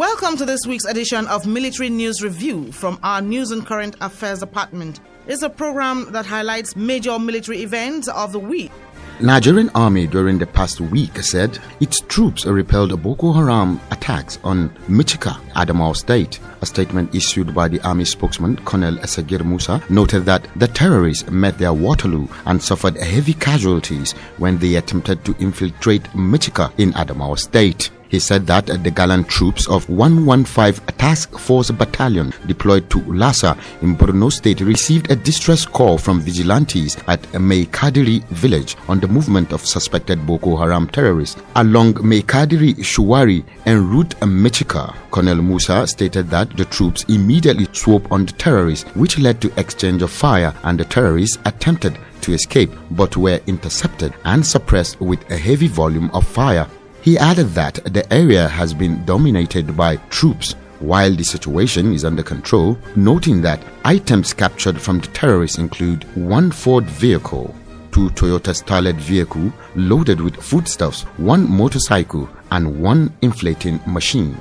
Welcome to this week's edition of Military News Review from our News and Current Affairs Department. It's a program that highlights major military events of the week. Nigerian army during the past week said its troops repelled Boko Haram attacks on Michika, Adamawa State. A statement issued by the army spokesman Colonel Sagir Musa noted that the terrorists met their Waterloo and suffered heavy casualties when they attempted to infiltrate Michika in Adamawa State. He said that the gallant troops of 115 Task Force Battalion deployed to Lhasa in Borno State received a distress call from vigilantes at Meikadiri village on the movement of suspected Boko Haram terrorists along Meikadiri Shuwari and route Mechika. Colonel Musa stated that the troops immediately swooped on the terrorists, which led to exchange of fire, and the terrorists attempted to escape but were intercepted and suppressed with a heavy volume of fire he added that the area has been dominated by troops while the situation is under control, noting that items captured from the terrorists include one Ford vehicle, two Toyota Starlet vehicle loaded with foodstuffs, one motorcycle, and one inflating machine.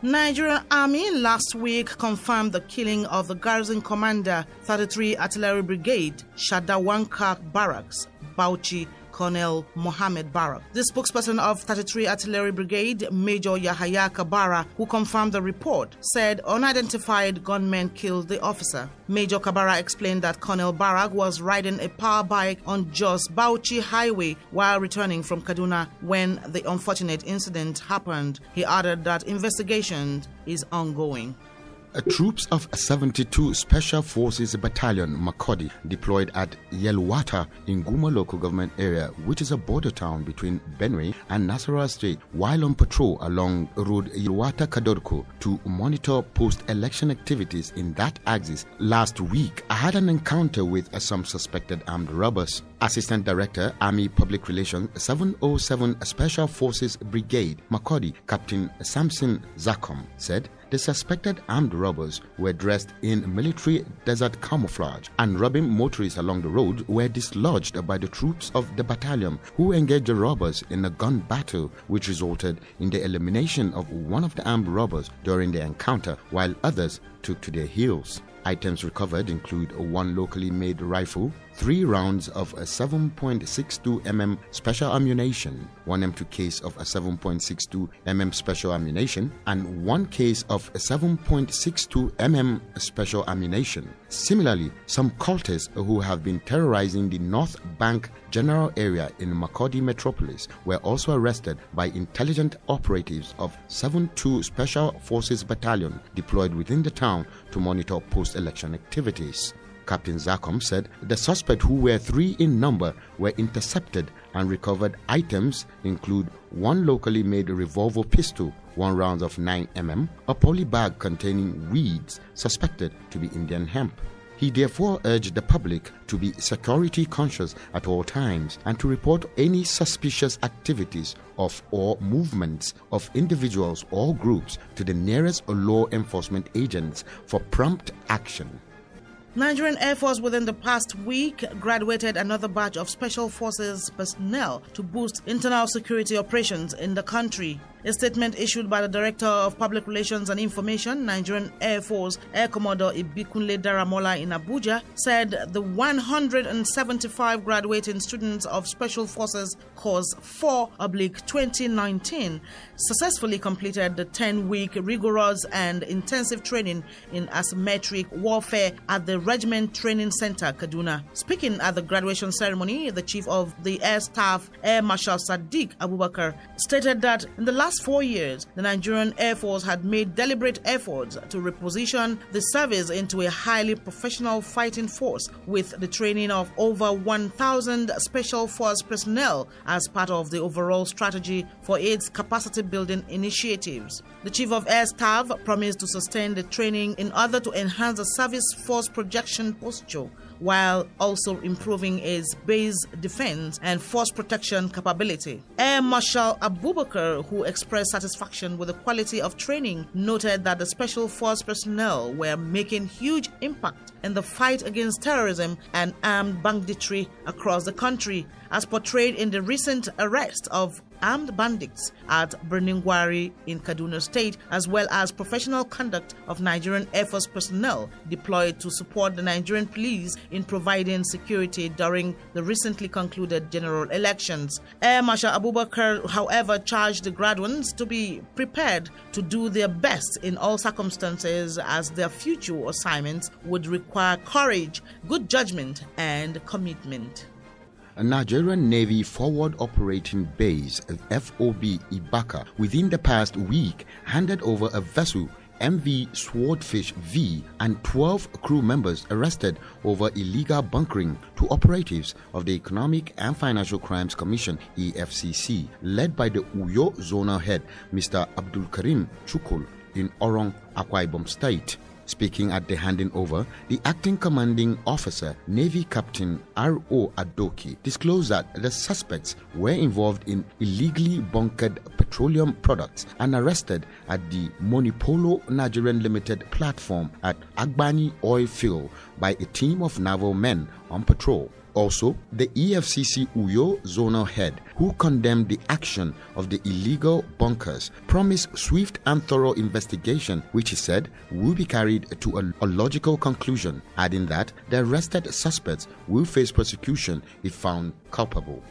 Nigerian Army last week confirmed the killing of the garrison commander, 33 Artillery Brigade, Shadawanka Barracks, Bauchi, Colonel Mohammed Barra. The spokesperson of 33 Artillery Brigade, Major Yahaya Kabara, who confirmed the report, said unidentified gunmen killed the officer. Major Kabara explained that Colonel Barak was riding a power bike on Jos Bauchi Highway while returning from Kaduna when the unfortunate incident happened. He added that investigation is ongoing. Troops of 72 Special Forces Battalion Makodi deployed at Yelwata in Guma local government area, which is a border town between Benue and Nasarawa state, while on patrol along road Yelwata Kadorko to monitor post-election activities in that axis. Last week, I had an encounter with some suspected armed robbers. Assistant Director, Army Public Relations, 707 Special Forces Brigade, Makodi, Captain Samson Zakom, said the suspected armed robbers were dressed in military desert camouflage, and robbing motorists along the road were dislodged by the troops of the battalion, who engaged the robbers in a gun battle, which resulted in the elimination of one of the armed robbers during the encounter, while others took to their heels. Items recovered include one locally made rifle, three rounds of a 7.62 mm special ammunition, one M2 case of a 7.62 mm special ammunition, and one case of a 7.62 mm special ammunition. Similarly, some cultists who have been terrorizing the North Bank general area in Makodi metropolis were also arrested by intelligent operatives of 72 Special Forces Battalion deployed within the town to monitor post election activities. Captain Zakom said the suspects, who were three in number, were intercepted and recovered items include one locally made revolver pistol, one round of 9mm, a poly bag containing weeds suspected to be Indian hemp. He therefore urged the public to be security conscious at all times and to report any suspicious activities of or movements of individuals or groups to the nearest law enforcement agents for prompt action. Nigerian Air Force within the past week graduated another batch of Special Forces personnel to boost internal security operations in the country. A statement issued by the Director of Public Relations and Information, Nigerian Air Force Air Commodore Ibikunle Daramola in Abuja, said the 175 graduating students of Special Forces Course 4 oblique 2019 successfully completed the 10 week rigorous and intensive training in asymmetric warfare at the Regiment Training Center, Kaduna. Speaking at the graduation ceremony, the Chief of the Air Staff, Air Marshal Sadiq Abubakar, stated that in the last last four years, the Nigerian Air Force had made deliberate efforts to reposition the service into a highly professional fighting force with the training of over 1,000 Special Force personnel as part of the overall strategy for its capacity building initiatives. The Chief of Air Staff promised to sustain the training in order to enhance the service force projection posture while also improving its base defense and force protection capability. Air Marshal Abubakar, who expressed satisfaction with the quality of training, noted that the Special Force personnel were making huge impact in the fight against terrorism and armed banditry across the country, as portrayed in the recent arrest of armed bandits at Berningwari in Kaduna State, as well as professional conduct of Nigerian Air Force personnel deployed to support the Nigerian police in providing security during the recently concluded general elections. Air Marshal Abubakar, however, charged the graduates to be prepared to do their best in all circumstances as their future assignments would require courage, good judgment, and commitment. A Nigerian Navy Forward Operating Base, FOB Ibaka, within the past week handed over a vessel MV Swordfish V and 12 crew members arrested over illegal bunkering to operatives of the Economic and Financial Crimes Commission EFCC led by the Uyo zonal head Mr. Abdul Karim Chukul in Orong, Akwa Ibom State. Speaking at the handing over, the acting commanding officer, Navy Captain R.O. Adoki, disclosed that the suspects were involved in illegally bunkered petroleum products and arrested at the Monipolo Nigerian Limited platform at Agbani Oil Field by a team of naval men on patrol. Also, the EFCC Uyo zonal head, who condemned the action of the illegal bunkers, promised swift and thorough investigation, which he said will be carried to a, logical conclusion, adding that the arrested suspects will face prosecution if found culpable.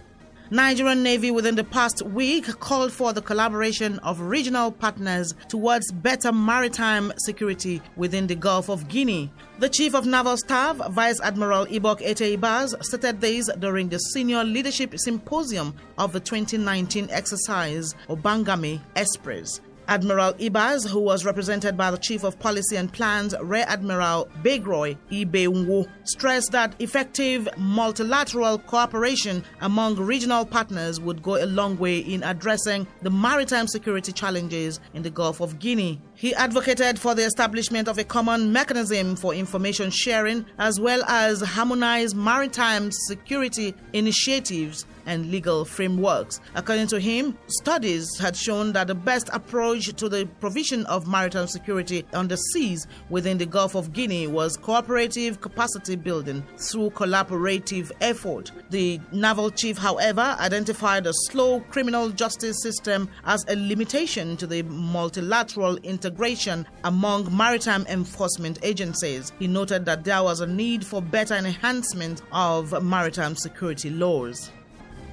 Nigerian Navy within the past week called for the collaboration of regional partners towards better maritime security within the Gulf of Guinea. The Chief of Naval Staff, Vice Admiral Ibok Eteibaz, stated this during the Senior Leadership Symposium of the 2019 exercise Obangame Express. Admiral Ibaz, who was represented by the Chief of Policy and Plans, Rear Admiral Begroy Ibengwu, stressed that effective multilateral cooperation among regional partners would go a long way in addressing the maritime security challenges in the Gulf of Guinea. He advocated for the establishment of a common mechanism for information sharing as well as harmonized maritime security initiatives and legal frameworks. According to him, studies had shown that the best approach to the provision of maritime security on the seas within the Gulf of Guinea was cooperative capacity building through collaborative effort. The naval chief, however, identified a slow criminal justice system as a limitation to the multilateral inter integration among maritime enforcement agencies. He noted that there was a need for better enhancement of maritime security laws.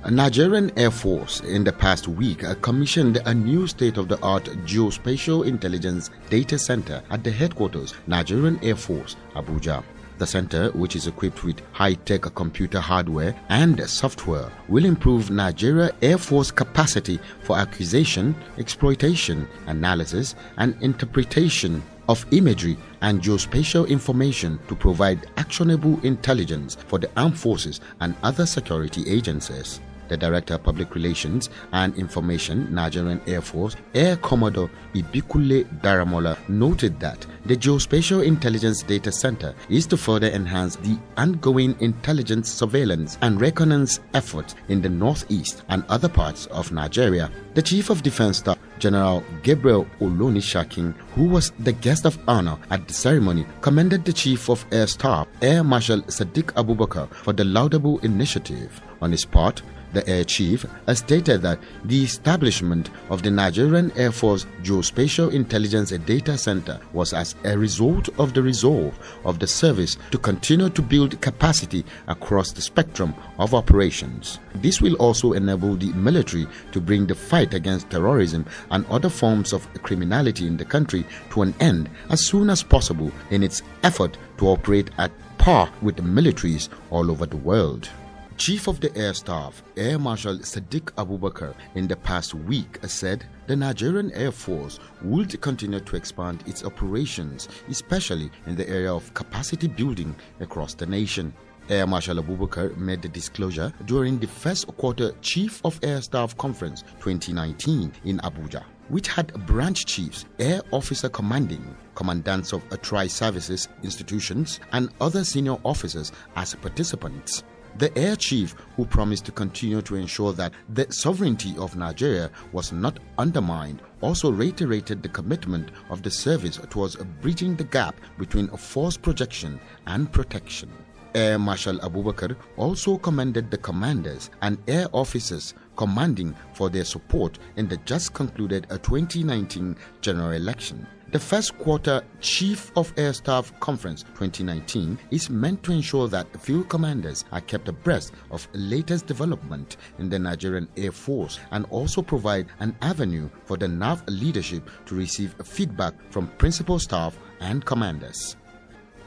A Nigerian Air Force in the past week uh, commissioned a new state-of-the-art geospatial intelligence data center at the headquarters Nigerian Air Force Abuja. The center, which is equipped with high tech computer hardware and software, will improve Nigeria Air Force capacity for acquisition, exploitation, analysis, and interpretation of imagery and geospatial information to provide actionable intelligence for the armed forces and other security agencies the Director of Public Relations and Information, Nigerian Air Force, Air Commodore Ibikule Daramola noted that the Geospatial Intelligence Data Center is to further enhance the ongoing intelligence surveillance and reconnaissance efforts in the northeast and other parts of Nigeria. The Chief of Defense Staff, General Gabriel Olonishakin, who was the guest of honor at the ceremony, commended the Chief of Air Staff, Air Marshal Sadiq Abubakar, for the laudable initiative. On his part, the air chief has stated that the establishment of the Nigerian Air Force Geospatial Intelligence and Data Center was as a result of the resolve of the service to continue to build capacity across the spectrum of operations. This will also enable the military to bring the fight against terrorism and other forms of criminality in the country to an end as soon as possible in its effort to operate at par with the militaries all over the world. Chief of the Air Staff, Air Marshal Sadiq Abubakar, in the past week said the Nigerian Air Force would continue to expand its operations, especially in the area of capacity building across the nation. Air Marshal Abubakar made the disclosure during the first quarter Chief of Air Staff Conference 2019 in Abuja, which had branch chiefs, air officer commanding, commandants of tri services institutions, and other senior officers as participants the air chief who promised to continue to ensure that the sovereignty of Nigeria was not undermined also reiterated the commitment of the service towards bridging the gap between force projection and protection. Air Marshal Abubakar also commended the commanders and air officers commanding for their support in the just concluded 2019 general election. The first quarter Chief of Air Staff Conference 2019 is meant to ensure that field commanders are kept abreast of latest development in the Nigerian Air Force and also provide an avenue for the NAV leadership to receive feedback from principal staff and commanders.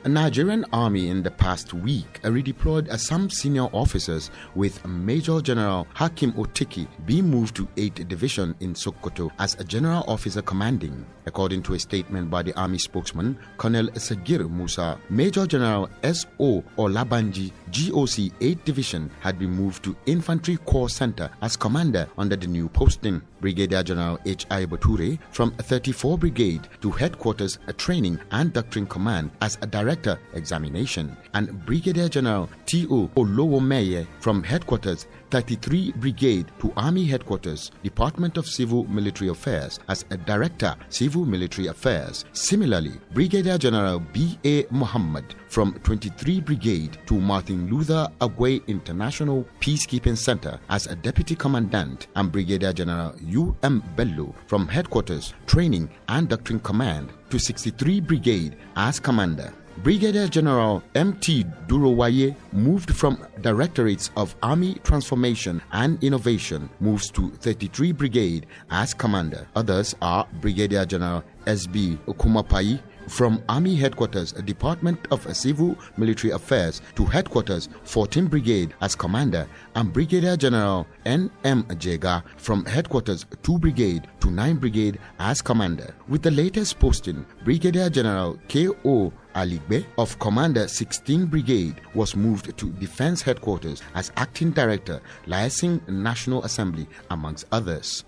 A Nigerian army in the past week redeployed some senior officers with Major General Hakim Otiki being moved to 8th Division in Sokoto as a general officer commanding. According to a statement by the army spokesman, Colonel Sagir Musa, Major General S.O. Olabanji, GOC 8th Division had been moved to Infantry Corps Center as commander under the new posting. Brigadier General H.I. Bature from 34 Brigade to Headquarters Training and Doctrine Command as a Director Examination, and Brigadier General T.O. Olowomeye from Headquarters 33 Brigade to Army Headquarters Department of Civil Military Affairs as a Director Civil Military Affairs. Similarly, Brigadier General B.A. Muhammad from 23 Brigade to Martin Luther Agway International Peacekeeping Center as a Deputy Commandant and Brigadier General U.M. Bello from Headquarters, Training and Doctrine Command to 63 Brigade as Commander. Brigadier General M.T. Durowaye moved from Directorates of Army Transformation and Innovation, moves to 33 Brigade as Commander. Others are Brigadier General S.B. Okumapai, from Army Headquarters, Department of Civil Military Affairs, to Headquarters, 14 Brigade as Commander, and Brigadier General N.M. Jega from Headquarters, 2 Brigade to 9 Brigade as Commander. With the latest posting, Brigadier General K.O. Aligbe of Commander 16 Brigade was moved to Defense Headquarters as Acting Director, Liaising National Assembly, amongst others.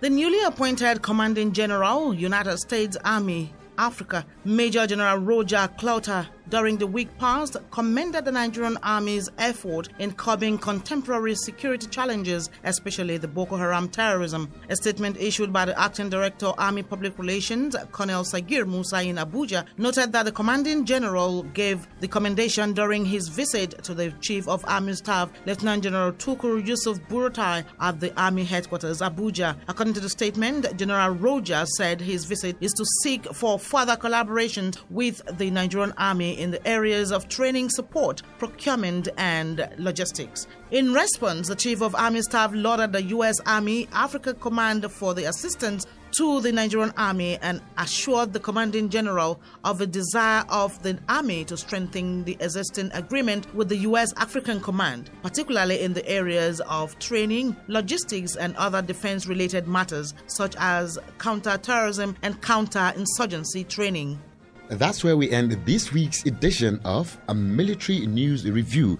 The newly appointed Commanding General, United States Army, Africa, Major General Roger Clouter during the week past commended the Nigerian Army's effort in curbing contemporary security challenges, especially the Boko Haram terrorism. A statement issued by the Acting Director Army Public Relations, Colonel Sagir Musa in Abuja, noted that the Commanding General gave the commendation during his visit to the Chief of Army Staff, Lieutenant General Tukur Yusuf Buratai, at the Army headquarters, Abuja. According to the statement, General Roger said his visit is to seek for further collaboration with the Nigerian Army in the areas of training support, procurement, and logistics. In response, the Chief of Army Staff lauded the U.S. Army Africa Command for the assistance to the Nigerian Army and assured the commanding general of a desire of the Army to strengthen the existing agreement with the U.S. African Command, particularly in the areas of training, logistics, and other defense related matters such as counterterrorism and counterinsurgency training. That's where we end this week's edition of a military news review.